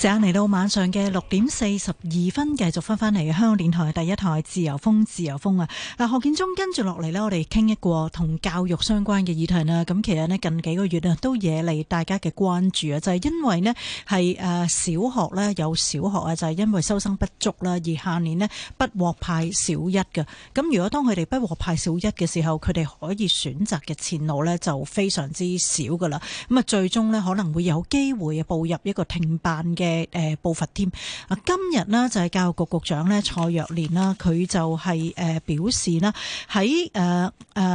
時間嚟到晚上嘅六點四十二分，繼續返返嚟香港電台第一台《自由風》，自由風啊！嗱，何建中跟住落嚟呢，我哋傾一個同教育相關嘅議題啦。咁其實呢，近幾個月咧都惹嚟大家嘅關注啊，就係、是、因為呢係誒小學啦，有小學啊，就係因為收生不足啦，而下年呢不獲派小一嘅。咁如果當佢哋不獲派小一嘅時候，佢哋可以選擇嘅前路呢，就非常之少噶啦。咁啊，最終呢可能會有機會步入一個停辦嘅。嘅誒步伐添啊！今日呢，就係教育局局長蔡若蓮啦，佢就係表示啦，喺誒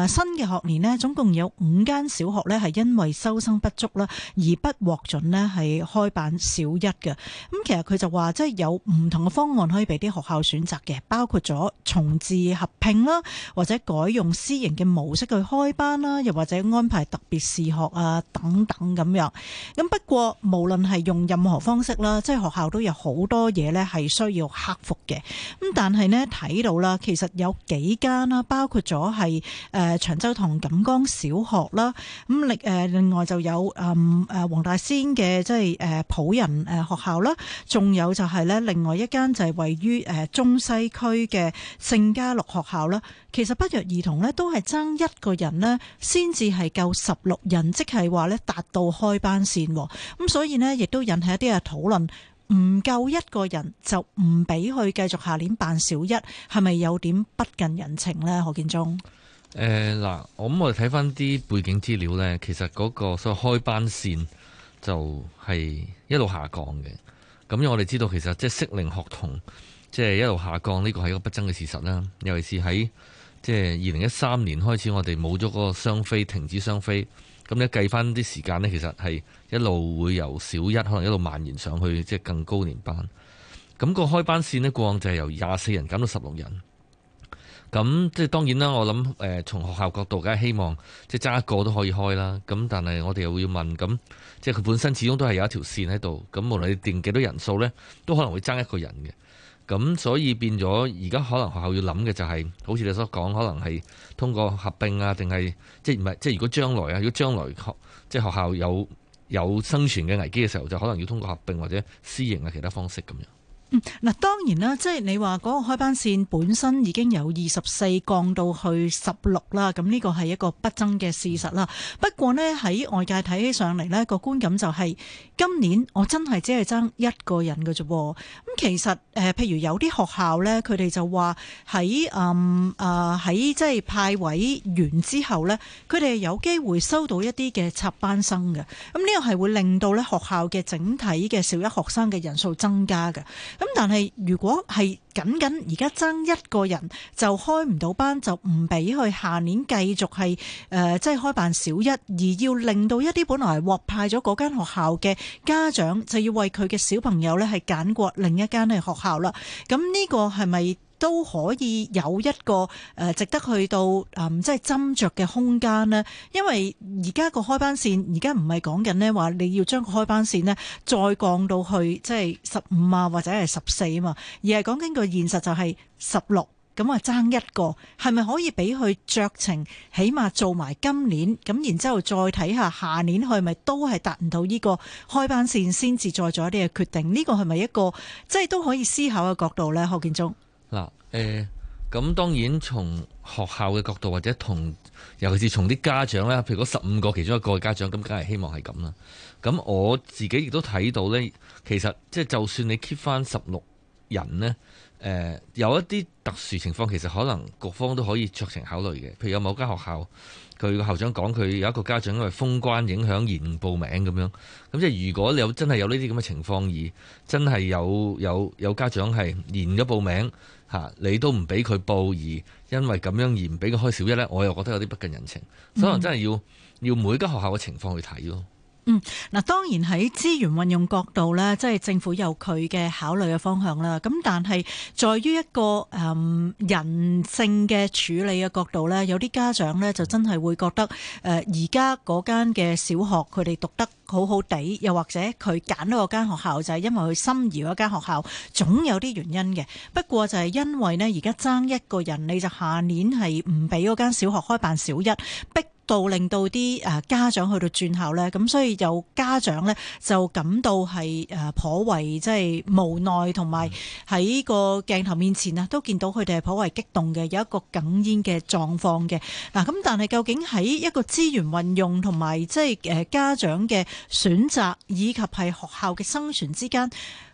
新嘅學年呢，總共有五間小學呢，係因為收生不足啦，而不獲准呢，係開辦小一嘅。咁其實佢就話，即係有唔同嘅方案可以俾啲學校選擇嘅，包括咗重置合併啦，或者改用私營嘅模式去開班啦，又或者安排特別視學啊等等咁樣。咁不過無論係用任何方式啦，即係學校都有好多嘢咧，係需要克服嘅。咁但係呢，睇到啦，其實有幾間啦，包括咗係誒長洲堂錦江小學啦，咁另誒另外就有誒誒黃大仙嘅即係誒普仁誒學校啦，仲有就係咧另外一間就係位於誒中西區嘅聖嘉祿學校啦。其實不約而同呢，都係爭一個人呢，先至係夠十六人，即係話呢達到開班線。咁所以呢，亦都引起一啲嘅討論，唔夠一個人就唔俾佢繼續下年辦小一，係咪有點不近人情呢？何建中？誒、呃、嗱，我咁我哋睇翻啲背景資料呢，其實嗰個所謂開班線就係一路下降嘅。咁因為我哋知道，其實即係適齡學童即係、就是、一路下降，呢、這個係一個不爭嘅事實啦。尤其是喺即係二零一三年開始，我哋冇咗嗰個雙飛，停止雙飛。咁咧計翻啲時間呢，其實係一路會由小一可能一路蔓延上去，即係更高年班。咁、嗰個開班線呢，過往就係由廿四人減到十六人。咁即係當然啦，我諗、呃、從學校角度，梗係希望即係爭一個都可以開啦。咁但係我哋又要問，咁即係佢本身始終都係有一條線喺度。咁無論你定幾多人數呢，都可能會爭一個人嘅。咁所以變咗，而家可能學校要諗嘅就係、是、好似你所講可能係通過合併啊，定係即唔係即如果將來啊，如果將來學即係學校有有生存嘅危機嘅時候，就可能要通過合併或者私營嘅其他方式咁樣。嗱、嗯，當然啦，即係你話嗰個開班線本身已經有二十四降到去十六啦，咁呢個係一個不爭嘅事實啦。不過呢，喺外界睇起上嚟呢、個觀感就係、是、今年我真係只係爭一個人嘅啫。咁其實、呃、譬如有啲學校呢，佢哋就話喺誒喺即係派位完之後呢，佢哋有機會收到一啲嘅插班生嘅，咁、嗯、呢、這個係會令到呢學校嘅整體嘅小一學生嘅人數增加嘅。咁但係如果係僅僅而家爭一個人就開唔到班，就唔俾佢下年繼續係誒、呃、即係開辦小一，而要令到一啲本來獲派咗嗰間學校嘅家長就要為佢嘅小朋友呢係揀過另一間嘅學校啦。咁呢個係咪？都可以有一個誒值得去到，嗯，即係斟酌嘅空間呢，因為而家個開班線，而家唔係講緊呢話你要將個開班線呢再降到去即係十五啊，或者係十四啊嘛，而係講緊個現實就係十六咁啊，爭一個係咪可以俾佢酌情，起碼做埋今年咁，然之後再睇下下年佢係咪都係達唔到呢個開班線，先至再做一啲嘅決定。呢個係咪一個即係都可以思考嘅角度呢？何建忠。嗱、呃，誒，咁當然從學校嘅角度或者同，尤其是從啲家長咧，譬如十五個其中一個嘅家長，咁梗係希望係咁啦。咁我自己亦都睇到呢，其實即係就算你 keep 翻十六人呢，誒、呃，有一啲特殊情況，其實可能各方都可以酌情考慮嘅，譬如有某間學校。佢個校長講：佢有一個家長因為封關影響而唔報名咁樣，咁即係如果你有真係有呢啲咁嘅情況而真係有有有家長係延咗報名吓，你都唔俾佢報而因為咁樣而唔俾佢開小一呢，我又覺得有啲不近人情，所以真係要要每間學校嘅情況去睇咯。嗯，嗱，當然喺資源運用角度咧，即係政府有佢嘅考慮嘅方向啦。咁但係在於一個誒、嗯、人性嘅處理嘅角度咧，有啲家長咧就真係會覺得誒而家嗰間嘅小學佢哋讀得好好哋，又或者佢揀到個間學校就係、是、因為佢心儀嗰間學校，總有啲原因嘅。不過就係因為咧而家爭一個人，你就下年係唔俾嗰間小學開辦小一，逼。到令到啲誒家長去到轉校咧，咁所以有家長咧就感到係誒頗為即係無奈，同埋喺個鏡頭面前啊，都見到佢哋係頗為激動嘅，有一個哽咽嘅狀況嘅。嗱，咁但係究竟喺一個資源運用同埋即係誒家長嘅選擇，以及係學校嘅生存之間。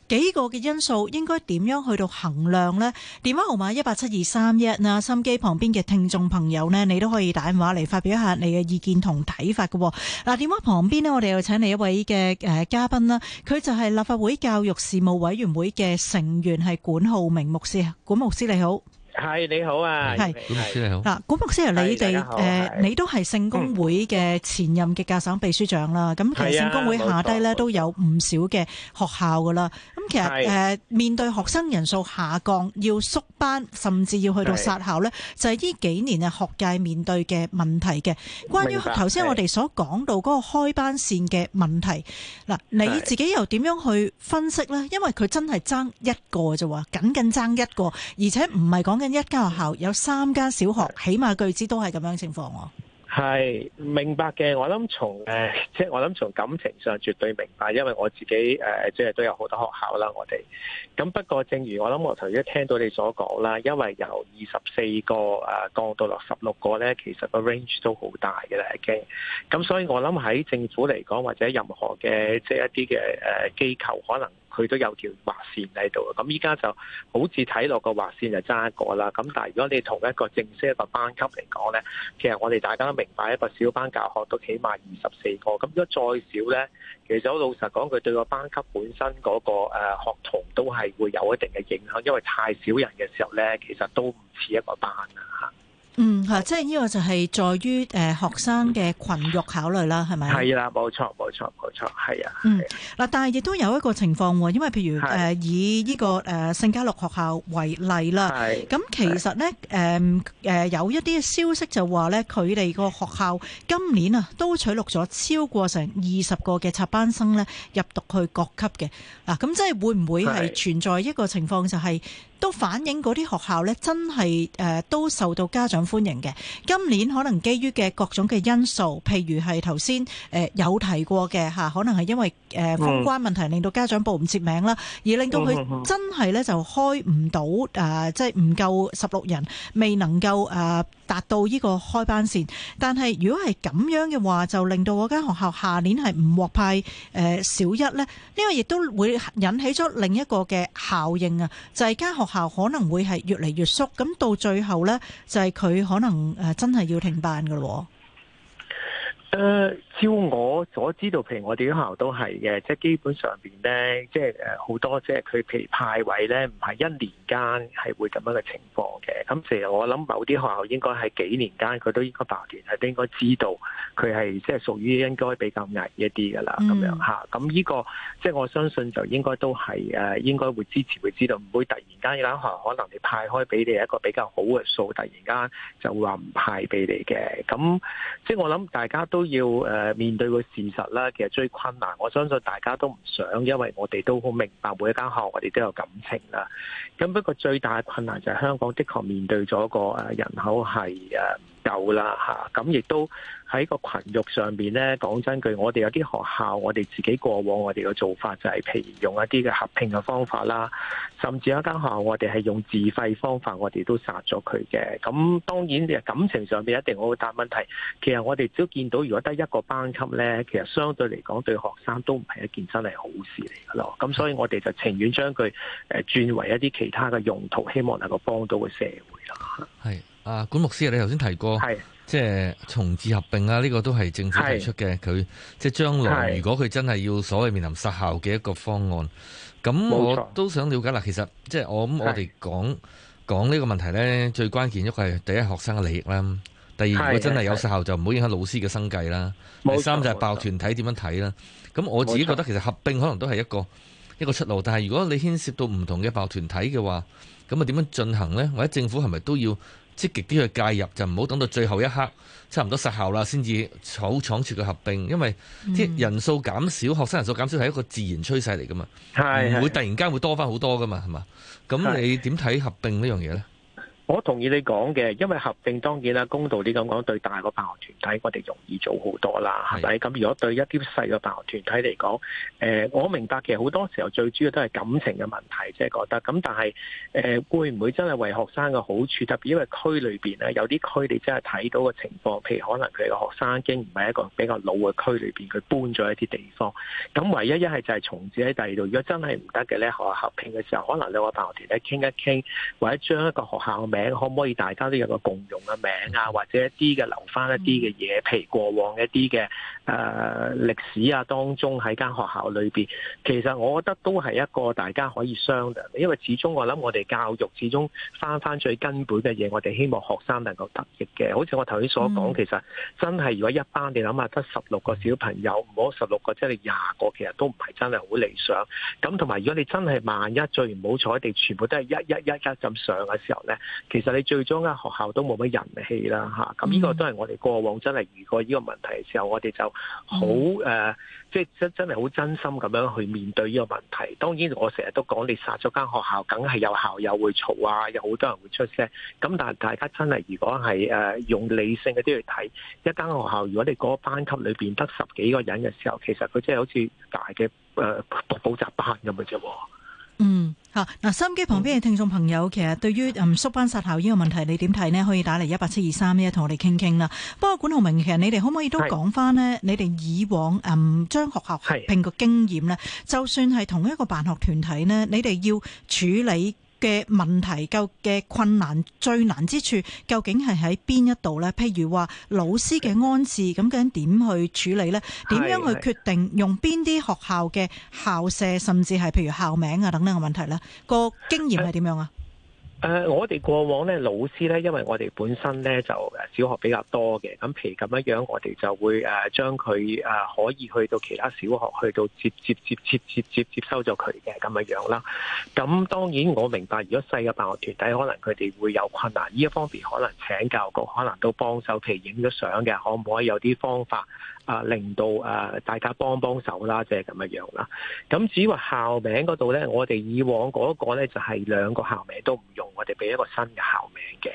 幾個嘅因素應該點樣去到衡量呢？電話號碼一八七二三一啊，心機旁邊嘅聽眾朋友呢，你都可以打電話嚟發表一下你嘅意見同睇法嘅。嗱，電話旁邊呢，我哋又請嚟一位嘅誒嘉賓啦，佢就係立法會教育事務委員會嘅成員，係管浩鳴牧師，管牧師你好。係你好啊。係，管牧師你好。嗱，管牧師你哋誒，你都係聖公會嘅前任嘅教省秘書長啦。咁、嗯、其實聖公會下低咧都有唔少嘅學校噶啦。咁、啊、其實誒面對學生人數下降，要縮班甚至要去到殺校咧，就係、是、呢幾年啊學界面對嘅問題嘅。關於頭先我哋所講到嗰個開班線嘅問題嗱，你自己又點樣去分析咧？因為佢真係爭一個啫，喎，僅僅爭一個，而且唔係講嘅。一間學校有三間小學，起碼據知都係咁樣情況。係，明白嘅，我諗從誒，即、呃、係我諗從感情上絕對明白，因為我自己誒，即係都有好多學校啦，我哋。咁不過，正如我諗，我頭先聽到你所講啦，因為由二十四個誒降到落十六個咧，其實個 range 都好大嘅啦，已、嗯、經。咁所以我諗喺政府嚟講，或者任何嘅即係一啲嘅誒機構，可能。佢都有條畫線喺度，咁依家就好似睇落個滑線就爭一個啦。咁但係如果你同一個正式一個班級嚟講呢，其實我哋大家都明白一個小班教學都起碼二十四個，咁如果再少呢，其實好老實講，佢對個班級本身嗰個誒學童都係會有一定嘅影響，因為太少人嘅時候呢，其實都唔似一個班啦嗯，係，即係呢個就係在於誒學生嘅群育考慮啦，係咪？係啦，冇錯，冇錯，冇錯，係啊。嗯，嗱，但係亦都有一個情況喎，因為譬如誒以呢個誒聖嘉祿學校為例啦，咁其實呢，誒誒、嗯、有一啲消息就話呢，佢哋個學校今年啊都取錄咗超過成二十個嘅插班生呢入讀去各級嘅，嗱咁即係會唔會係存在一個情況就係、是？都反映嗰啲學校咧，真係誒、呃、都受到家長歡迎嘅。今年可能基於嘅各種嘅因素，譬如係頭先誒有提過嘅吓、啊、可能係因為誒封、呃嗯、關問題令到家長報唔接名啦，而令到佢真係咧就開唔到誒即係唔夠十六人，未能夠誒、呃、達到呢個開班線。但係如果係咁樣嘅話，就令到嗰間學校下年係唔獲派誒、呃、小一咧。呢個亦都會引起咗另一個嘅效應啊，就係、是、間學。學校可能會係越嚟越縮，咁到最後呢，就係佢可能誒真係要停辦㗎喇喎。誒、呃，照我所知道，譬如我哋啲學校都係嘅，即係基本上邊咧，即係好多即係佢譬如派位咧，唔係一年間係會咁樣嘅情況嘅。咁其實我諗某啲學校應該喺幾年間，佢都應該集團係都應該知道佢係即係屬於應該比較矮一啲㗎啦，咁、嗯、樣嚇。咁呢、這個即係我相信就應該都係誒，應該會支持，會知道，唔會突然間有間、那個、學校可能你派開俾你一個比較好嘅數，突然間就話唔派俾你嘅。咁即係我諗大家都。都要誒面對個事實啦，其實最困難，我相信大家都唔想，因為我哋都好明白每一間學校，我哋都有感情啦。咁不過最大嘅困難就係香港的確面對咗個誒人口係。誒。夠啦，吓，咁亦都喺個群育上面呢。講真句，我哋有啲學校，我哋自己過往我哋嘅做法就係、是，譬如用一啲嘅合併嘅方法啦，甚至有一間學校我哋係用自費方法，我哋都殺咗佢嘅。咁當然嘅感情上面一定我會答問題。其實我哋都見到，如果得一個班級呢，其實相對嚟講對學生都唔係一件真係好事嚟嘅咯。咁所以我哋就情願將佢誒轉為一啲其他嘅用途，希望能夠幫到個社會啦。係。啊，管牧師，你頭先提過，即係重置合併啊，呢、呢個都係政府提出嘅。佢即係將來如果佢真係要所謂面臨失效嘅一個方案，咁我都想了解啦。其實即係我諗，我哋講講呢個問題呢，最關鍵一個係第一，學生嘅利益啦，第二佢真係有失效就唔好影響老師嘅生計啦。第三就係、是、爆團體點樣睇啦。咁我自己覺得其實合併可能都係一個一個出路，但係如果你牽涉到唔同嘅爆團體嘅話，咁啊點樣進行呢？或者政府係咪都要？積極啲去介入，就唔好等到最後一刻，差唔多失效啦，先至草倉促嘅合併。因為啲、嗯、人數減少，學生人數減少係一個自然趨勢嚟㗎嘛，唔會突然間會多翻好多㗎嘛，係嘛？咁你點睇合併呢樣嘢呢？我同意你講嘅，因為合併當然啦，公道啲咁講對大個辦學團體，我哋容易做好多啦，係咪？咁如果對一啲細個辦學團體嚟講，呃，我明白其實好多時候最主要都係感情嘅問題，即係覺得咁，但係誒，呃、會唔會真係為學生嘅好處？特別因為區裏面咧有啲區，你真係睇到個情況，譬如可能佢嘅學生已經唔係一個比較老嘅區裏面，佢搬咗一啲地方，咁唯一一係就係重置喺第二度。如果真係唔得嘅咧，學校合併嘅時候，可能你話辦學團咧傾一傾，或者將一個學校嘅名。可唔可以大家都有個共用嘅名啊，或者一啲嘅留翻一啲嘅嘢，譬如、嗯、過往一啲嘅誒歷史啊，當中喺間學校裏邊，其實我覺得都係一個大家可以商量，因為始終我諗我哋教育始終翻翻最根本嘅嘢，我哋希望學生能夠得益嘅。好似我頭先所講、嗯，其實真係如果一班你諗下得十六個小朋友，唔好十六個，即係你廿個，其實都唔係真係好理想。咁同埋如果你真係萬一最唔好彩地全部都係一一一一咁上嘅時候咧。其實你最終，間學校都冇乜人氣啦，吓。咁呢個都係我哋過往真係遇過呢個問題嘅時候，我哋就好誒、呃，即係真真係好真心咁樣去面對呢個問題。當然我成日都講，你殺咗間學校，梗係有校友會嘈啊，有好多人會出聲。咁但係大家真係如果係誒用理性嗰啲去睇，一間學校如果你嗰個班級裏邊得十幾個人嘅時候，其實佢真係好似大嘅誒補習班咁嘅啫。嗯吓，嗱、啊，收音機旁邊嘅聽眾朋友、嗯，其實對於嗯縮班撒校呢個問題，你點睇呢？可以打嚟一八七二三一，同我哋傾傾啦。不過管浩明，其實你哋可唔可以都講翻呢，你哋以往嗯將學校合併嘅經驗呢，就算係同一個辦學團體呢，你哋要處理。嘅問題，夠嘅困難，最難之處究竟係喺邊一度呢？譬如話老師嘅安置，咁究竟點去處理呢？點樣去決定用邊啲學校嘅校舍，甚至係譬如校名啊等等嘅問題呢？個經驗係點樣啊？誒、呃，我哋過往咧，老師呢，因為我哋本身呢就小學比較多嘅，咁譬如咁樣樣，我哋就會誒將佢誒可以去到其他小學，去到接接接接接接接接接接接收咗佢嘅咁樣樣啦。咁當然，我明白如果細嘅辦學團體可能佢哋會有困難，呢一方面可能請教育局可能都幫手，譬如影咗相嘅，可唔可以有啲方法啊，令到，呃，大家幫幫手啦，即係咁樣啦。咁至於話校名嗰度咧，我哋以往嗰個咧就係兩個校名都唔用，我哋俾一個新嘅校名嘅。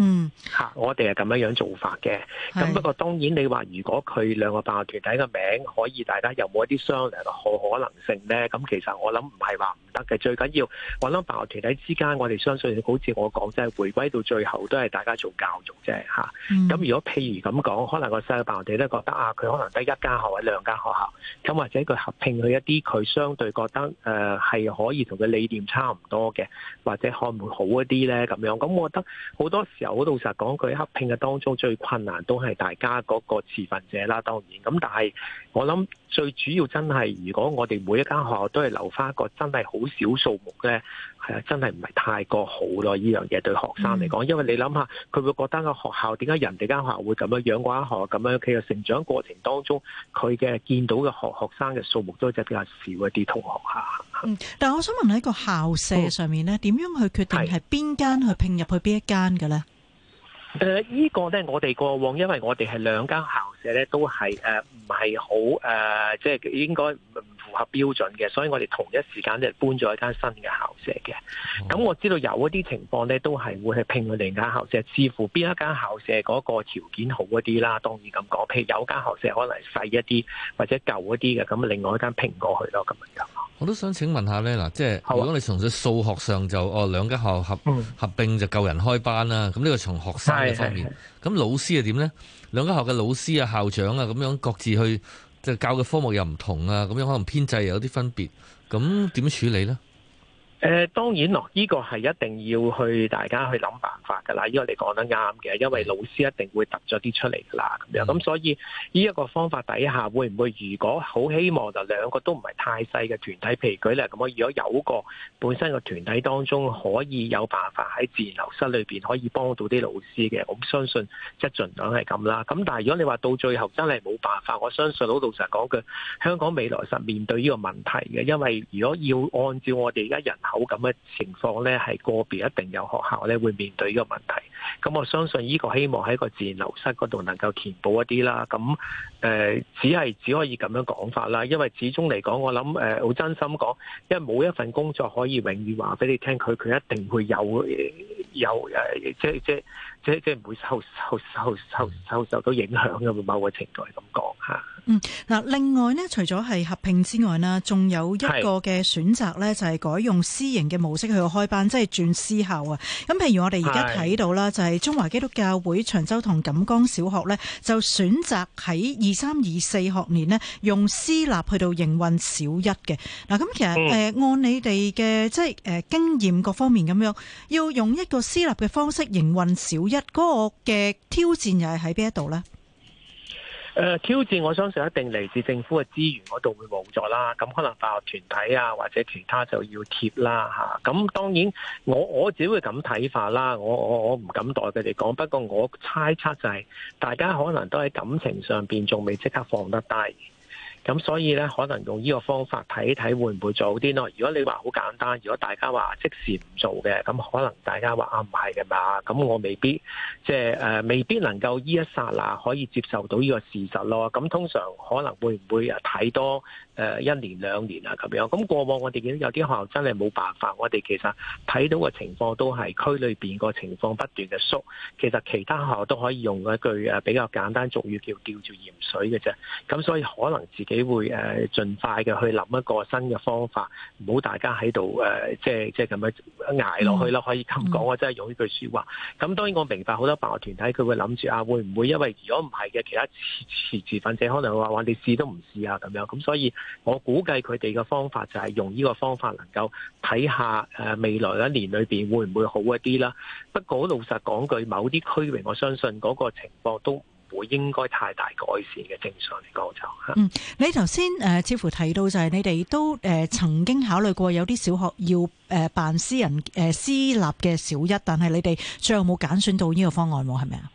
嗯，嚇、啊，我哋係咁樣樣做法嘅。咁不過當然，你話如果佢兩個辦學團體嘅名字可以大家有冇一啲商量嘅可可能性咧？咁其實我諗唔係話唔得嘅。最緊要我諗辦學團體之間，我哋相信好似我講，即、就、係、是、回歸到最後都係大家做教育啫，嚇、啊。咁、嗯、如果譬如咁講，可能個細路辦學團體都覺得啊，佢可能得一家學校或者兩間學校，咁或者佢合併佢一啲佢相對覺得誒係、呃、可以同佢理念差唔多嘅，或者可能會好一啲咧咁樣。咁我覺得好多時候。我好，老實講句，合拼嘅當中最困難都係大家嗰個持份者啦。當然，咁但係我諗最主要真係，如果我哋每一間學校都係留翻一個真係好少數目咧，係啊，真係唔係太過好咯。呢樣嘢對學生嚟講、嗯，因為你諗下，佢會覺得學為什麼學會個學校點解人哋間學校會咁樣樣，嗰間學校咁樣？佢嘅成長過程當中，佢嘅見到嘅學學生嘅數目都即係比較少一啲同學吓、嗯。但係我想問喺個校舍上面咧，點、嗯、樣去決定係邊間去拼入去邊一間嘅咧？誒，呢個咧，我哋過往，因為我哋係兩間校舍咧，都係誒，唔係好誒，即係應該，符合標準嘅，所以我哋同一時間就搬咗一間新嘅校舍嘅。咁、哦、我知道有一啲情況咧，都係會係拼佢哋間校舍，視乎邊一間校舍嗰個條件好一啲啦，當然咁講。譬如有一間校舍可能細一啲或者舊一啲嘅，咁另外一間拼過去咯，咁樣我都想請問一下咧，嗱，即係、啊、如果你從數學上就哦兩間校合、嗯、合併就夠人開班啦、啊，咁呢個係從學生嘅方面，咁老師又點呢？兩間校嘅老師啊、校長啊，咁樣各自去。就教嘅科目又唔同啊，咁樣可能編制又有啲分別，咁點處理咧？誒、呃、當然囉，呢、這個係一定要去大家去諗辦法㗎啦。呢個你講得啱嘅，因為老師一定會揼咗啲出嚟㗎啦咁樣。咁、嗯、所以呢一、這個方法底下，會唔會如果好希望就兩個都唔係太細嘅團體？譬如舉例，咁我如果有個本身個團體當中可以有辦法喺自然流失裏邊可以幫到啲老師嘅，我相信即係盡量係咁啦。咁但係如果你話到最後真係冇辦法，我相信老老老實講句，香港未來實面對呢個問題嘅，因為如果要按照我哋而家人。口感嘅情況咧，係個別一定有學校咧會面對呢個問題。咁我相信呢個希望喺個自然流失嗰度能夠填補一啲啦。咁誒，只、呃、係只可以咁樣講法啦。因為始終嚟講，我諗誒，好、呃、真心講，因為冇一份工作可以永遠話俾你聽，佢佢一定會有有誒、呃，即係即係即係即係唔會受受受受，受受受受受到影響嘅某個程度係咁講吓。嗯，嗱，另外呢，除咗係合併之外呢，仲有一個嘅選擇呢，就係、是、改用私營嘅模式去開班，即係轉私校啊。咁譬如我哋而家睇到啦。就係中華基督教會長洲同錦江小學咧，就選擇喺二三二四學年呢，用私立去到營運小一嘅。嗱，咁其實誒，嗯，呃，按你哋嘅，即係誒經驗各方面咁樣，要用一個私立嘅方式營運小一，嗰個嘅挑戰又係喺邊一度呢？誒、呃、挑戰，我相信一定嚟自政府嘅資源嗰度會冇咗啦。咁可能大學團體啊，或者其他就要貼啦嚇。咁、啊、當然我，我我只會咁睇法啦。我我我唔敢代佢哋講。不過我猜測就係，大家可能都喺感情上邊仲未即刻放得低。咁所以呢，可能用呢個方法睇睇會唔會早啲咯？如果你話好簡單，如果大家話即時唔做嘅，咁可能大家話啊唔係嘅嘛？咁我未必即係誒，未必能夠依一剎那可以接受到呢個事實咯。咁通常可能會唔會睇多誒、呃、一年兩年啊咁樣？咁過往我哋見到有啲學校真係冇辦法，我哋其實睇到嘅情況都係區裏邊個情況不斷嘅縮。其實其他學校都可以用一句誒比較簡單俗語叫叫做吊鹽水嘅啫。咁所以可能自己。只會誒盡快嘅去諗一個新嘅方法，唔好大家喺度誒即係即係咁樣捱落去啦。可以咁講，我真係用呢句說話。咁當然我明白好多辦學團體，佢會諗住啊，會唔會因為如果唔係嘅其他持持持份者，可能話話你試都唔試啊咁樣。咁所以我估計佢哋嘅方法就係用呢個方法能夠，看看，能夠睇下誒未來一年裏邊會唔會好一啲啦。不過老實講句，某啲區域，我相信嗰個情況都。會應該太大改善嘅，正常嚟講就吓。嗯，你頭先誒，似乎提到就係你哋都誒、呃、曾經考慮過有啲小學要誒辦、呃、私人誒、呃、私立嘅小一，但係你哋最後冇揀選到呢個方案，係咪啊？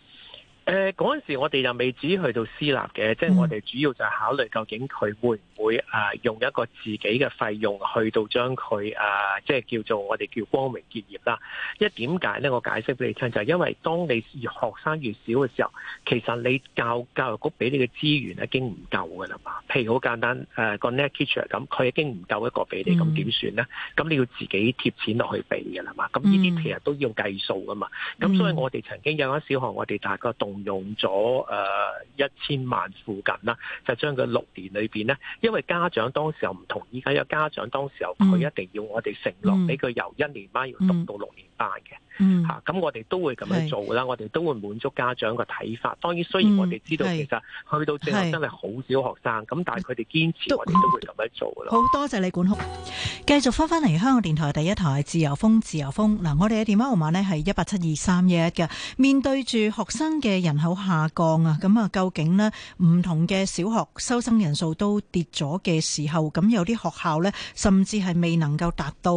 誒嗰陣時，我哋又未至於去到私立嘅，即係我哋主要就考慮究竟佢會唔會誒、啊、用一個自己嘅費用去到將佢誒、啊，即係叫做我哋叫光榮結業啦。因為點解咧？我解釋俾你聽，就係、是、因為當你學生越少嘅時候，其實你教教育局俾你嘅資源已經唔夠㗎啦嘛。譬如好簡單誒、啊、個 net teacher 咁，佢已經唔夠一個俾你，咁點算咧？咁你要自己貼錢落去俾㗎啦嘛。咁呢啲其實都要計數㗎嘛。咁所以我哋曾經有一小學，我哋大概用咗誒一千萬附近啦，就將佢六年裏邊咧，因為家長當時候唔同依家，有家長當時候佢一定要我哋承諾俾佢由一年班要讀到六年班嘅。嗯，咁、啊、我哋都會咁樣做啦。我哋都會滿足家長嘅睇法。當然，雖然我哋知道、嗯、其實去到最後真係好少學生，咁但係佢哋堅持，我哋都會咁樣做噶啦。嗯嗯、好多謝你，管牧，繼續翻返嚟香港電台第一台自由風，自由風嗱、啊，我哋嘅電話號碼呢係一八七二三一一嘅。面對住學生嘅人口下降啊，咁啊，究竟呢，唔同嘅小學收生人數都跌咗嘅時候，咁有啲學校呢，甚至係未能夠達到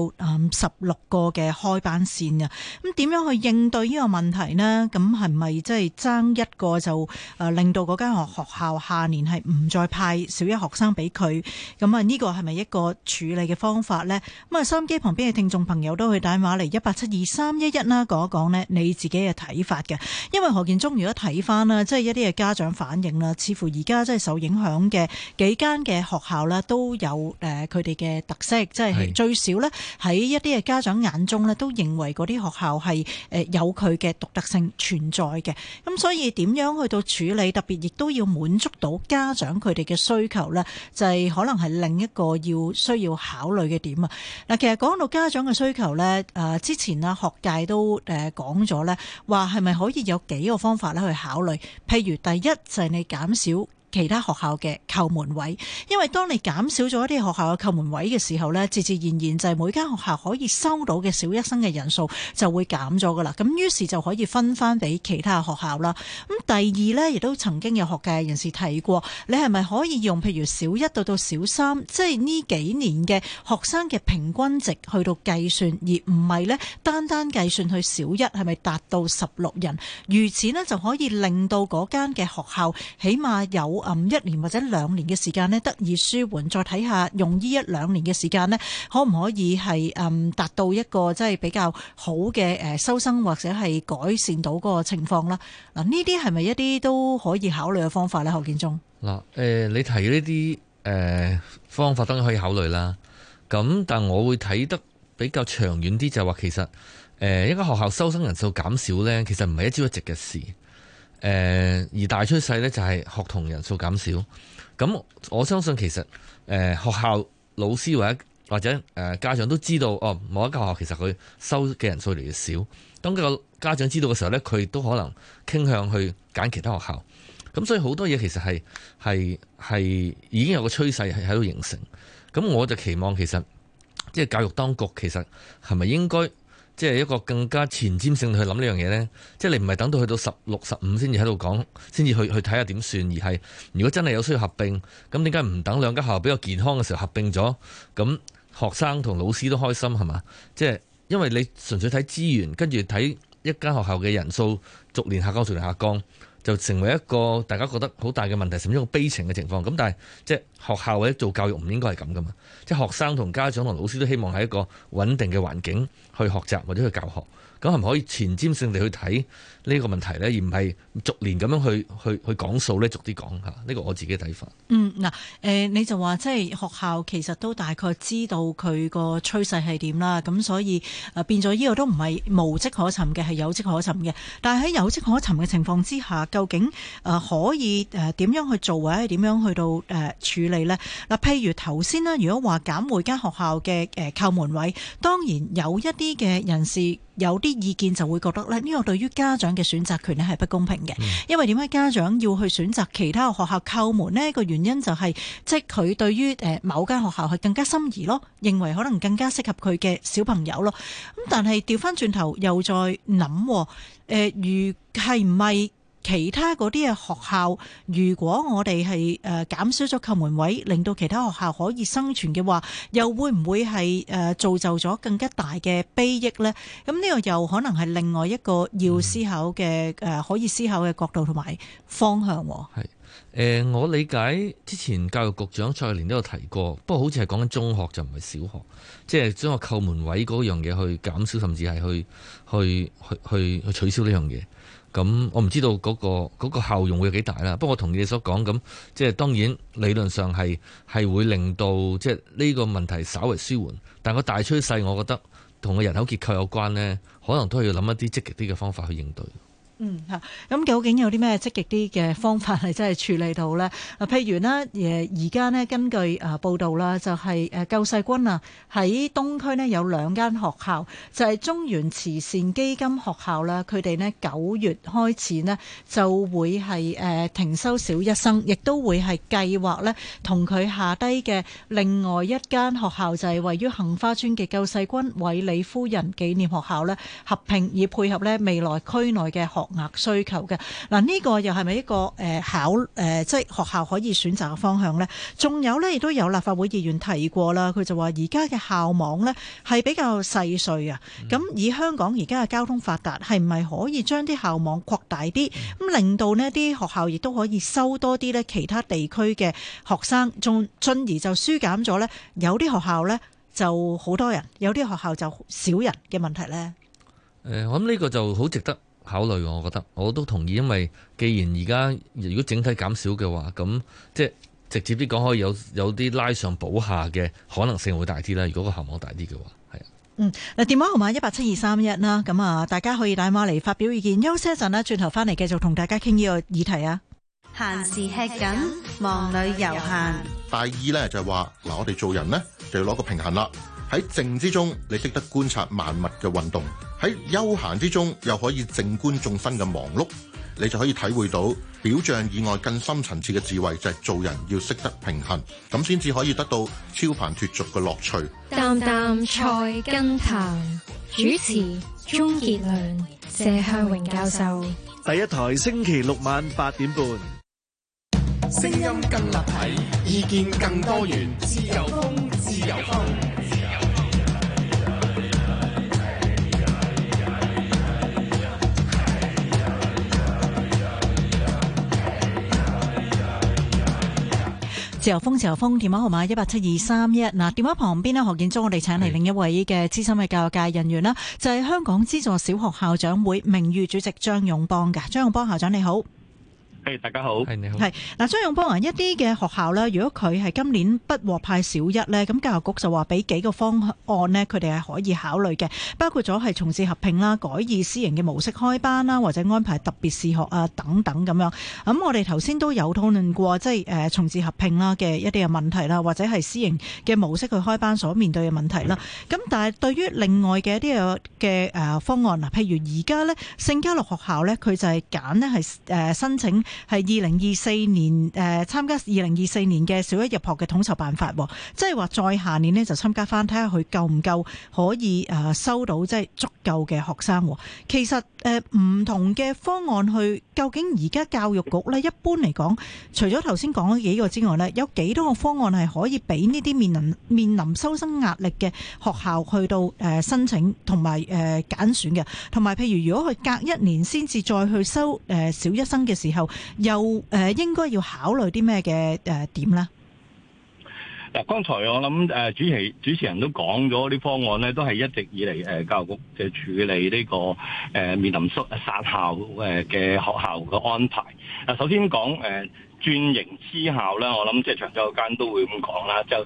十六、嗯、個嘅開班線啊。咁點樣去應對呢個問題呢？咁係咪即係爭一個就誒令到嗰間學學校下年係唔再派小一學生俾佢？咁啊呢個係咪一個處理嘅方法呢？咁啊收音機旁邊嘅聽眾朋友都去打電話嚟一八七二三一一啦，1872311, 講一講呢你自己嘅睇法嘅。因為何建中如果睇翻啦即係一啲嘅家長反應啦，似乎而家即係受影響嘅幾間嘅學校咧都有誒佢哋嘅特色，即係最少呢，喺一啲嘅家長眼中呢，都認為嗰啲學校。係誒有佢嘅獨特性存在嘅，咁所以點樣去到處理，特別亦都要滿足到家長佢哋嘅需求咧，就係、是、可能係另一個要需要考慮嘅點啊。嗱，其實講到家長嘅需求咧，誒之前啊，學界都誒講咗咧，話係咪可以有幾個方法咧去考慮？譬如第一就係、是、你減少。其他學校嘅扣門位，因為當你減少咗一啲學校嘅扣門位嘅時候呢，自自然然就係每間學校可以收到嘅小一生嘅人數就會減咗噶啦。咁於是就可以分翻俾其他學校啦。咁第二呢，亦都曾經有學界人士提過，你係咪可以用譬如小一到到小三，即係呢幾年嘅學生嘅平均值去到計算，而唔係呢單單計算去小一係咪達到十六人？如此呢，就可以令到嗰間嘅學校起碼有。嗯，一年或者兩年嘅時間咧，得以舒緩，再睇下用呢一兩年嘅時間咧，可唔可以係嗯達到一個即係比較好嘅誒收生或者係改善到嗰個情況啦？嗱，呢啲係咪一啲都可以考慮嘅方法呢？何建宗，嗱，誒、呃、你提呢啲誒方法當然可以考慮啦。咁但係我會睇得比較長遠啲，就話其實誒一個學校收生人數減少呢，其實唔係一朝一夕嘅事。誒，而大趨勢呢，就係學童人數減少。咁我相信其實誒，學校老師或者或者誒家長都知道，哦，某一間學校其實佢收嘅人數嚟越少。當個家長知道嘅時候呢，佢都可能傾向去揀其他學校。咁所以好多嘢其實係係係已經有個趨勢係喺度形成。咁我就期望其實即係教育當局其實係咪應該？即係一個更加前瞻性去諗呢樣嘢呢。即係你唔係等到去到十六十五先至喺度講，先至去去睇下點算，而係如果真係有需要合併，咁點解唔等兩間學校比較健康嘅時候合併咗，咁學生同老師都開心係嘛？即係因為你純粹睇資源，跟住睇一間學校嘅人數逐年下降，逐年下降。就成為一個大家覺得好大嘅問題，甚至一個悲情嘅情況。咁但係，即係學校或者做教育唔應該係咁噶嘛？即係學生同家長同老師都希望喺一個穩定嘅環境去學習或者去教學。咁係咪可以前瞻性地去睇？呢個問題呢，而唔係逐年咁樣去去去，去講數呢，逐啲講下。呢個我自己睇法。嗯，嗱，誒，你就話即係學校其實都大概知道佢個趨勢係點啦，咁所以誒變咗呢個都唔係無跡可尋嘅，係有跡可尋嘅。但係喺有跡可尋嘅情況之下，究竟誒可以誒點樣去做或者點樣去到誒處理呢？嗱，譬如頭先呢，如果話減每間學校嘅誒叩門位，當然有一啲嘅人士有啲意見就會覺得咧，呢個對於家長。嘅選擇權咧係不公平嘅、嗯，因為點解家長要去選擇其他學校叩門呢？個原因就係、是，即係佢對於誒某間學校係更加心儀咯，認為可能更加適合佢嘅小朋友咯。咁但係調翻轉頭又再諗，誒、呃，如係唔係？其他嗰啲嘅學校，如果我哋係誒減少咗扣門位，令到其他學校可以生存嘅話，又會唔會係誒造就咗更加大嘅悲慘咧？咁呢個又可能係另外一個要思考嘅誒、嗯呃、可以思考嘅角度同埋方向。係誒、呃，我理解之前教育局長蔡若蓮都有提過，不過好似係講緊中學就唔係小學，即係將個扣門位嗰樣嘢去減少，甚至係去去去去，去取消呢樣嘢。咁我唔知道嗰個嗰個效用會幾大啦，不過我同意你所講，咁即係當然理論上係係會令到即係呢個問題稍為舒緩，但個大趨勢我覺得同個人口結構有關呢，可能都係要諗一啲積極啲嘅方法去應對。嗯吓，咁究竟有啲咩積極啲嘅方法係真係處理到咧？啊，譬如咧，誒而家咧根據誒報道啦，就係誒救世軍啊喺東區咧有兩間學校，就係中原慈善基金學校啦，佢哋咧九月開始咧就會係誒停收小一生亦都會係計劃咧同佢下低嘅另外一間學校，就係位於杏花邨嘅救世軍韋理夫人紀念學校咧合併，以配合咧未來區內嘅學校額需求嘅。嗱，呢、這個又係咪一個誒考誒，即係學校可以選擇嘅方向咧？仲有咧，亦都有立法會議員提過啦。佢就話而家嘅校網咧係比較細碎啊。咁、嗯、以香港而家嘅交通發達，係唔係可以將啲校網擴大啲，咁、嗯、令到呢啲學校亦都可以收多啲咧其他地區嘅學生，仲進而就紓減咗咧有啲學校咧就好多人，有啲學校就少人嘅問題咧。誒，我諗呢個就好值得考慮，我覺得我都同意，因為既然而家如果整體減少嘅話，咁即係直接啲講，可以有有啲拉上補下嘅可能性會大啲啦。如果個效果大啲嘅話，係啊，嗯，嗱電話號碼一八七二三一啦，咁啊大家可以打我嚟發表意見，休息一陣啦，轉頭翻嚟繼續同大家傾呢個議題啊。閒時吃緊，忙裏悠閒。第二咧就係話，嗱我哋做人咧就要攞個平衡啦。喺靜之中，你識得觀察萬物嘅運動；喺休閒之中，又可以靜觀眾生嘅忙碌，你就可以體會到表象以外更深層次嘅智慧。就係、是、做人要識得平衡，咁先至可以得到超凡脫俗嘅樂趣。淡淡菜根譚，主持鍾傑良、謝向榮教授，第一台星期六晚八點半，聲音更立體，意見更多元，自由風，自由風。自由風，自由風，電話號碼一八七二三一。嗱，電話旁邊呢，何建中，我哋請嚟另一位嘅資深嘅教育界人員啦，就係、是、香港資助小學校長會名譽主席張勇邦嘅，張勇邦校長你好。Hey, 大家好，係、hey, 你好。係嗱，張勇邦話一啲嘅學校呢，如果佢係今年不獲派小一呢，咁教育局就話俾幾個方案呢佢哋係可以考慮嘅，包括咗係從事合併啦、改以私營嘅模式開班啦，或者安排特別試學啊等等咁樣。咁我哋頭先都有討論過，即係誒從事合併啦嘅一啲嘅問題啦，或者係私營嘅模式去開班所面對嘅問題啦。咁但係對於另外嘅一啲嘅嘅誒方案嗱，譬如而家呢聖嘉祿學校呢，佢就係揀呢係誒申請。係二零二四年誒、呃、參加二零二四年嘅小一入學嘅統籌辦法，即係話再下年呢就參加翻，睇下佢夠唔夠可以、呃、收到即係足夠嘅學生。哦、其實誒唔、呃、同嘅方案去，究竟而家教育局呢一般嚟講，除咗頭先講咗幾個之外呢，有幾多個方案係可以俾呢啲面臨面臨收生壓力嘅學校去到、呃、申請同埋誒揀選嘅？同埋譬如如果佢隔一年先至再去收、呃、小一生嘅時候。又誒、呃、應該要考慮啲咩嘅誒點咧？嗱，剛才我諗誒主持主持人都講咗啲方案咧，都係一直以嚟誒教育局嘅處理呢個誒面臨縮殺校誒嘅學校嘅安排。啊，首先講誒。呃轉型私校咧，我諗即係長洲間都會咁講啦。就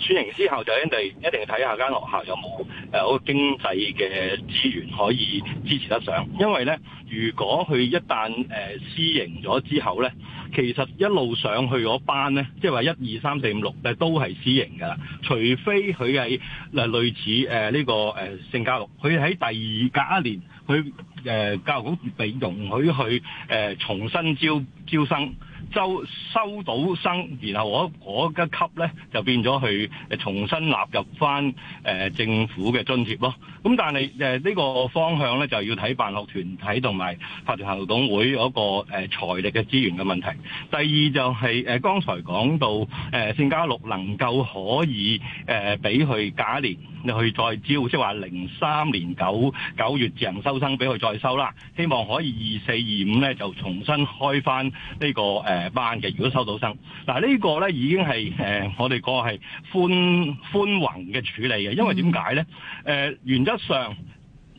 轉型私校就一定一定睇下間學校有冇誒嗰個經濟嘅資源可以支持得上，因為咧，如果佢一旦誒、呃、私營咗之後咧，其實一路上去嗰班咧，即係話一二三四五六咧都係私營㗎喇，除非佢係類似誒呢、呃這個、呃、性教育，佢喺第二隔一年，佢誒、呃、教育局被容許去誒、呃、重新招招生。收收到生，然後我我嘅級咧就變咗去重新納入翻誒、呃、政府嘅津貼咯。咁但係誒呢個方向咧就要睇辦學團體同埋法團校董會嗰、那個誒財、呃、力嘅資源嘅問題。第二就係誒剛才講到誒聖嘉祿能夠可以誒俾佢假年你去再招，即係話零三年九九月自行收生俾佢再收啦。希望可以二四二五咧就重新開翻呢、這個、呃誒班嘅，如果收到生，嗱、啊這個、呢個咧已經係誒、呃、我哋個係寬寬宏嘅處理嘅，因為點解咧？誒、呃，原則上，誒、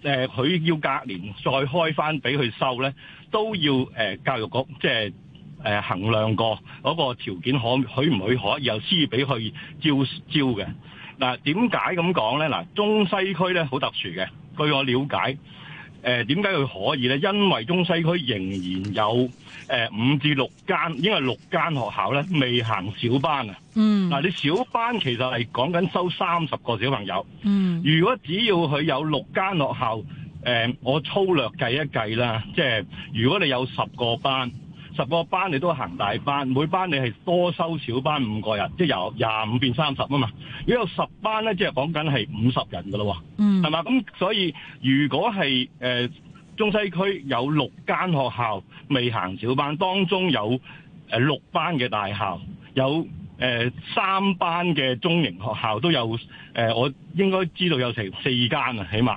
呃，佢要隔年再開翻俾佢收咧，都要誒、呃、教育局即係誒、呃、衡量過嗰個條件可許唔許可，然後先俾佢招招嘅。嗱，點解咁講咧？嗱、啊、中西區咧好特殊嘅，據我了解。誒點解佢可以呢？因為中西區仍然有誒五至六間，應該係六間學校呢未行小班啊。嗱，你小班其實係講緊收三十個小朋友。如果只要佢有六間學校，誒我粗略計一計啦，即係如果你有十個班。十個班你都行大班，每班你係多收小班五個人，即由廿五變三十啊嘛。如果有十班呢，即係講緊係五十人噶咯。嗯，係嘛？咁所以如果係誒、呃、中西區有六間學校未行小班，當中有誒、呃、六班嘅大校，有誒、呃、三班嘅中型學校，都有誒、呃、我應該知道有成四間啊，起碼。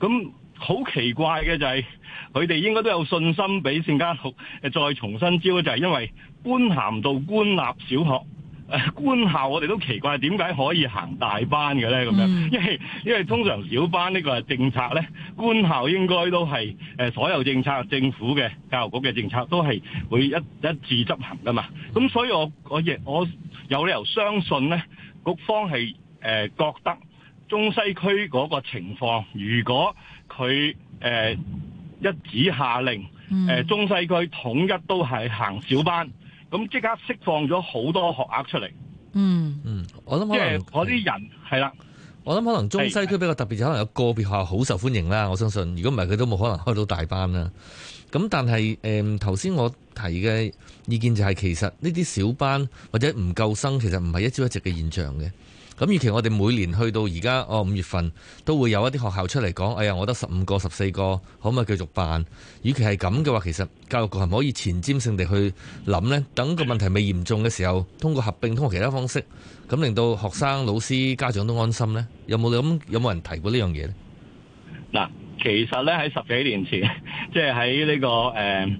咁好奇怪嘅就係、是。佢哋應該都有信心俾聖家學再重新招，就係、是、因為般咸道官立小學、呃、官校，我哋都奇怪點解可以行大班嘅咧？咁、嗯、樣，因為因為通常小班呢個政策呢，官校應該都係、呃、所有政策政府嘅教育局嘅政策都係會一一致執行㗎嘛。咁所以我我亦我有理由相信呢局方係誒、呃、覺得中西區嗰個情況，如果佢誒。呃一指下令，中西區統一都係行小班，咁即刻釋放咗好多學額出嚟。嗯嗯，我諗可能啲、即係、人係啦。我諗可能中西區比較特別，就可能有個別學校好受歡迎啦。我相信如果唔係佢都冇可能開到大班啦。咁但係誒頭先我提嘅意見就係、是、其實呢啲小班或者唔夠生，其實唔係一朝一夕嘅現象嘅。咁與其我哋每年去到而家，哦五月份都會有一啲學校出嚟講，哎呀我得十五個十四個，可唔可以繼續辦？與其係咁嘅話，其實教育局係唔可以前瞻性地去諗咧？等個問題未嚴重嘅時候，通過合併，通過其他方式，咁令到學生、老師、家長都安心咧？有冇諗？有冇人提過呢樣嘢咧？嗱，其實咧喺十幾年前，即係喺呢個誒。呃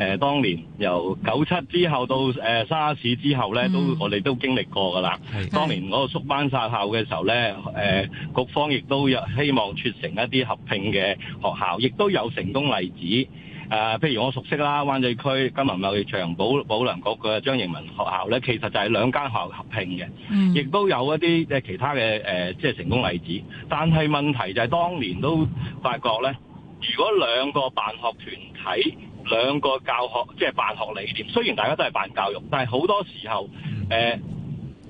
誒、呃，當年由九七之後到、呃、沙士之後咧，mm. 都我哋都經歷過㗎啦。當當年嗰個縮班殺校嘅時候咧，誒、呃、局方亦都有希望促成一啲合併嘅學校，亦都有成功例子。誒、呃，譬如我熟悉啦，灣仔區金銀業貿易場保保良局嘅張盈文學校咧，其實就係兩間學校合併嘅，亦、mm. 都有一啲即其他嘅、呃、即係成功例子。但係問題就係當年都發覺咧，如果兩個辦學團體，兩個教學即係辦學理念，雖然大家都係辦教育，但係好多時候，誒、呃、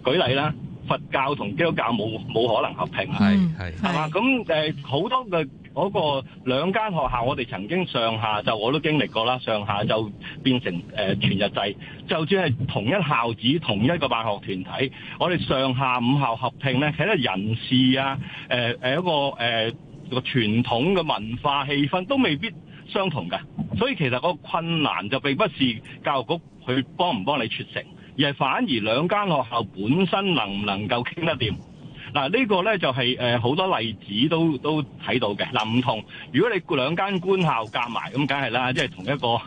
舉例啦，佛教同基督教冇冇可能合併係係係嘛？咁好、 呃、多嘅嗰個兩間學校，我哋曾經上下就我都經歷過啦。上下就變成、呃、全日制，就算係同一校址、同一個辦學團體，我哋上下五校合併呢喺個人事啊、誒、呃、一個誒個、呃、傳統嘅文化氣氛都未必相同嘅。所以其實個困難就並不是教育局去幫唔幫你促成，而係反而兩間學校本身能唔能夠傾得掂。嗱、這、呢個咧就係誒好多例子都都睇到嘅。嗱唔同，如果你兩間官校夾埋咁，梗係啦，即、就、係、是、同一個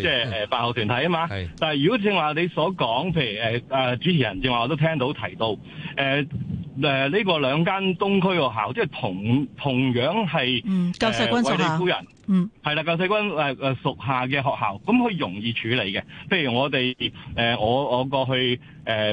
即係誒辦學團體啊嘛。但係如果正話你所講，譬如誒誒、呃、主持人正話我都聽到提到誒誒呢個兩間東區學校，即係同同樣係。嗯，救世軍。屬啊。嗯嗯，係啦，救世軍誒誒，屬、呃、下嘅學校，咁佢容易處理嘅。譬如我哋誒、呃，我我過去誒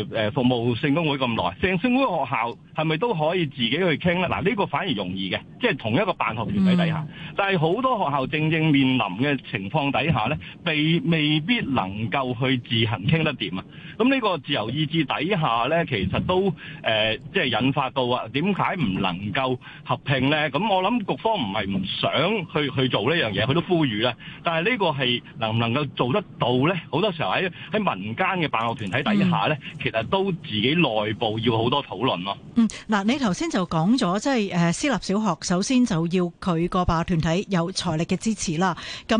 誒、呃、服務聖公會咁耐，聖公會學校係咪都可以自己去傾咧？嗱，呢、這個反而容易嘅，即係同一個辦學團體底下。但係好多學校正正面臨嘅情況底下咧，未未必能夠去自行傾得掂啊。咁、這、呢個自由意志底下咧，其實都誒、呃、即係引發到啊，點解唔能夠合併咧？咁我諗局方唔係唔想去去做。呢樣嘢，佢都呼籲啦。但係呢個係能唔能夠做得到咧？好多時候喺喺民間嘅辦學團體底下咧，嗯，其實都自己內部要好多討論咯。嗯，嗱，你頭先就講咗，即係誒私立小學首先就要佢個辦學團體有財力嘅支持啦。咁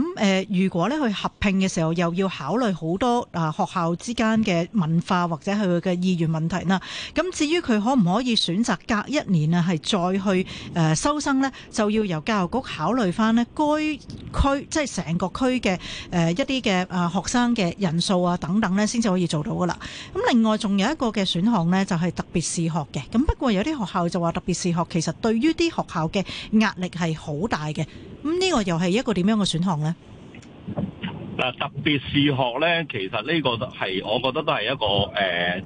誒，如果咧去合併嘅時候，又要考慮好多啊學校之間嘅文化或者佢嘅意願問題啦。咁至於佢可唔可以選擇隔一年啊，係再去誒收生咧，就要由教育局考慮翻。咧區即係成個區嘅誒一啲嘅誒學生嘅人數啊等等咧，先至可以做到噶啦。咁另外仲有一個嘅選項呢，就係特別視學嘅。咁不過有啲學校就話特別視學，其實對於啲學校嘅壓力係好大嘅。咁呢個又係一個點樣嘅選項呢？嗱，特別視學呢，其實呢個係我覺得都係一個誒。呃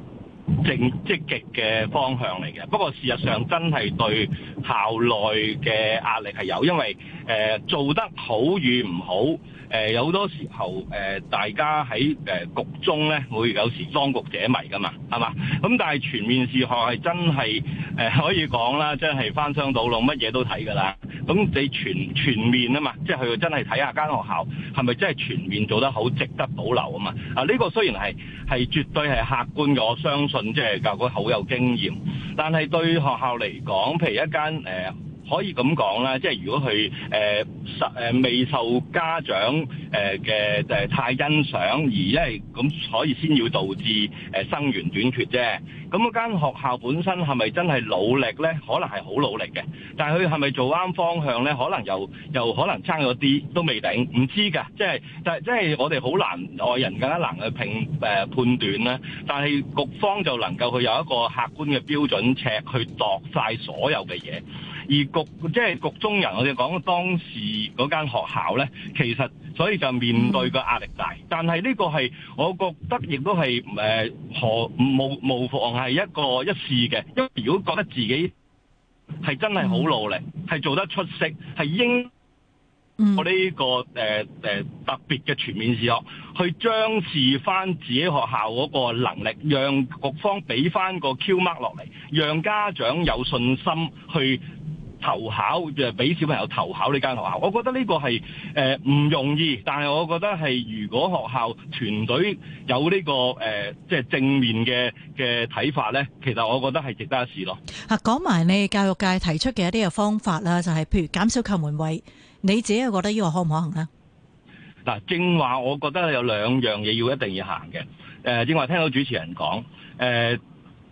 正積極嘅方向嚟嘅，不過事實上真係對校內嘅壓力係有，因為誒、呃、做得好與唔好，誒、呃、有好多時候誒、呃、大家喺誒、呃、局中咧會有時當局者迷噶嘛，係嘛？咁但係全面視學係真係誒、呃、可以講啦，真係翻箱倒籠乜嘢都睇㗎啦。咁你全全面啊嘛，即係佢真係睇下間學校係咪真係全面做得好，值得保留啊嘛。啊，呢個雖然係係絕對係客觀嘅，我相信即係教官好有經驗，但係對學校嚟講，譬如一間誒可以咁講啦，即係如果佢誒受未受家長誒嘅誒太欣賞，而因係咁所以先要導致誒、呃、生源短缺啫。咁嗰間學校本身係咪真係努力咧？可能係好努力嘅，但係佢係咪做啱方向咧？可能又又可能差咗啲，都未定。唔知㗎。即係但係即係我哋好難外人更加難去評判斷啦。但係局方就能夠去有一個客觀嘅標準尺去度曬所有嘅嘢。而局即係局中人，我哋講當時嗰間學校咧，其實所以就面對個壓力大。但係呢個係我覺得亦都係誒何無無妨係一個一試嘅，因為如果覺得自己係真係好努力，係做得出色，係應我呢、這個誒誒、呃呃、特別嘅全面試學，去展示翻自己學校嗰個能力，讓局方俾翻個 Q mark 落嚟，讓家長有信心去。投考就俾小朋友投考呢間學校，我覺得呢個係呃、唔容易，但係我覺得係如果學校團隊有呢、呢個即係、呃即係、正面嘅嘅睇法呢，其實我覺得係值得一試咯。啊、講埋你教育界提出嘅一啲嘅方法啦，就係、係、譬如減少扣門位，你自己覺得呢個可唔可行咧？嗱、啊，正話，我覺得有兩樣嘢要一定要行嘅、呃。正話聽到主持人講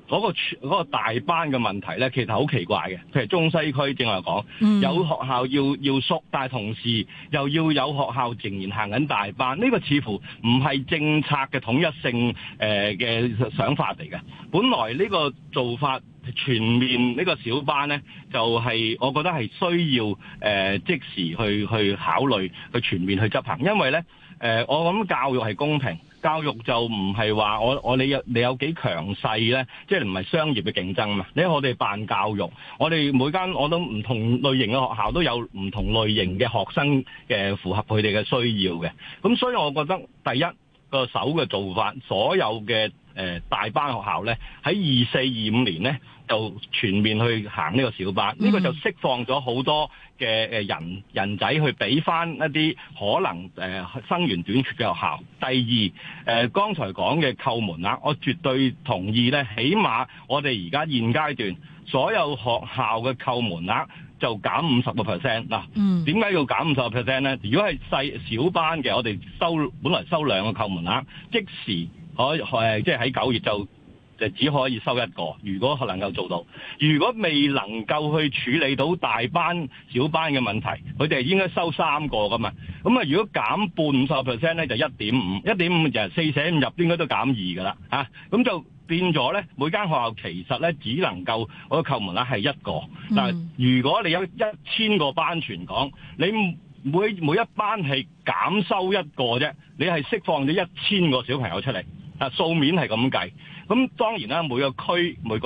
嗰個嗰個大班嘅問題呢，其實好奇怪嘅。譬如中西區正話講，有學校要要縮，但係同時又要有學校仍然行緊大班。呢個似乎唔係政策嘅統一性誒嘅想法嚟嘅。本來呢個做法全面呢個小班呢、就係，就係我覺得係需要誒即時去去考慮去全面去執行，因為呢。誒，我諗教育係公平，教育就唔係話我我你有你有幾強勢咧，即係唔係商業嘅競爭嘛？為我哋辦教育，我哋每間我都唔同類型嘅學校都有唔同類型嘅學生嘅符合佢哋嘅需要嘅，咁所以我覺得第一。個手嘅做法，所有嘅誒、呃、大班學校呢，喺二四二五年呢，就全面去行呢個小班，呢、這個就釋放咗好多嘅誒人人仔去俾翻一啲可能誒、呃、生源短缺嘅學校。第二誒、呃，剛才講嘅扣門額，我絕對同意呢，起碼我哋而家現階段所有學校嘅扣門額。就減五十個 percent 嗱，點解要減五十個 percent 咧？如果係細小班嘅，我哋收本來收兩個扣門額，即時可以，即係喺九月就就只可以收一個。如果能夠做到，如果未能夠去處理到大班小班嘅問題，佢哋應該收三個噶嘛。咁啊、啊，如果減半五十個 percent 咧，就一點五，一點五就係四捨五入應該都減二噶啦嚇，咁、啊、就。變咗咧，每間學校其實咧只能夠嗰個扣門啦係一個。嗱、嗯，如果你有一千個班全港，你每每一班係減收一個啫，你係釋放咗一千個小朋友出嚟，啊數面係咁計。咁當然啦，每個、呃、區每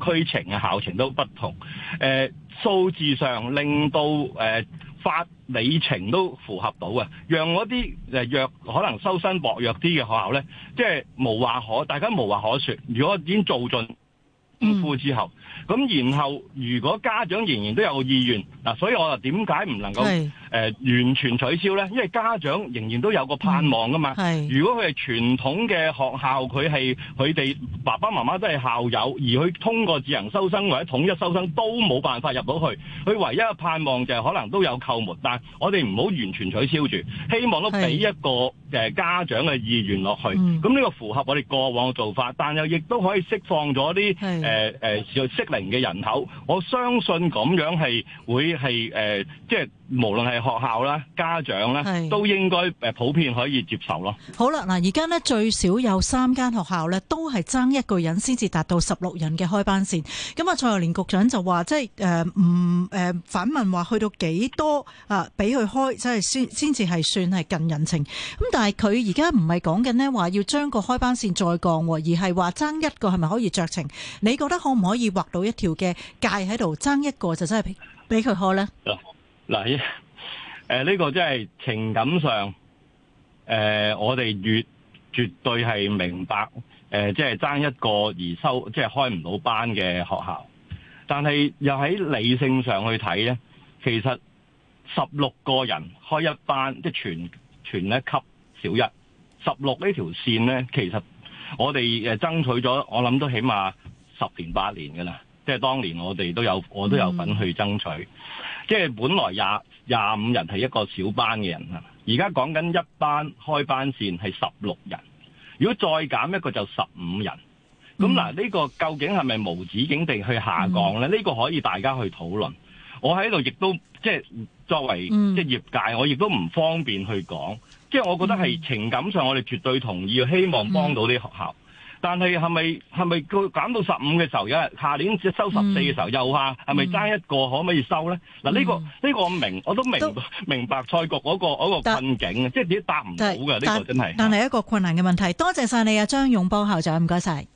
個區情嘅校情都不同、呃。數字上令到、呃、發理情都符合到啊，讓嗰啲誒弱，可能收生薄弱啲嘅學校咧，即係無話可，大家無話可說。如果已經做盡功夫之後。嗯咁然後，如果家長仍然都有意願嗱，所以我又點解唔能夠誒、呃、完全取消呢？因為家長仍然都有個盼望㗎嘛。如果佢係傳統嘅學校，佢係佢哋爸爸媽媽都係校友，而佢通過自行收生或者統一收生都冇辦法入到去，佢唯一嘅盼望就係可能都有扣門，但我哋唔好完全取消住，希望都俾一個誒家長嘅意願落去。咁呢個符合我哋過往嘅做法，但又亦都可以釋放咗啲誒誒零嘅人口，我相信咁樣係會係誒，即係無論係學校啦、家長啦，都應該誒普遍可以接受咯。好啦，嗱，而家咧最少有三間學校咧，都係爭一個人先至達到十六人嘅開班線。咁啊，蔡若蓮局長就話，即係誒唔誒反問話，去到幾多啊？俾佢開，即係先先至係算係近人情。咁但係佢而家唔係講緊咧，話要將個開班線再降，而係話爭一個係咪可以酌情？你覺得可唔可以劃？有一條嘅界喺度爭一個就真係俾佢開啦。嗱誒，呢個真係情感上，誒、呃，我哋越絕對係明白，誒、呃，即係爭一個而收即係、即係、開唔到班嘅學校。但係又喺理性上去睇咧，其實十六個人開一班，即係全全一級小一，十六呢條線咧，其實我哋誒爭取咗，我諗都起碼十年八年噶啦。即係當年我哋都有，我都有份去爭取。嗯、即係本來廿廿五人係一個小班嘅人啊，而家講緊一班開班線係十六人，如果再減一個就十五人。咁、嗯、嗱，呢個究竟係咪無止境地去下降呢？呢、嗯呢個可以大家去討論。我喺度亦都即係作為即係業界，我亦都唔方便去講。嗯、即係我覺得係情感上，我哋絕對同意，希望幫到啲學校。但係係咪係咪佢減到十五嘅時候，有人下年收十四嘅時候、嗯、又下，係咪爭一個可唔可以收咧？嗱、嗯、呢、這個呢、這個我明，我都明白都明白蔡局嗰、那個那個困境啊，即係點都答唔到嘅呢個真係。但係一個困難嘅問題，多謝晒你啊張勇邦校長，唔該晒。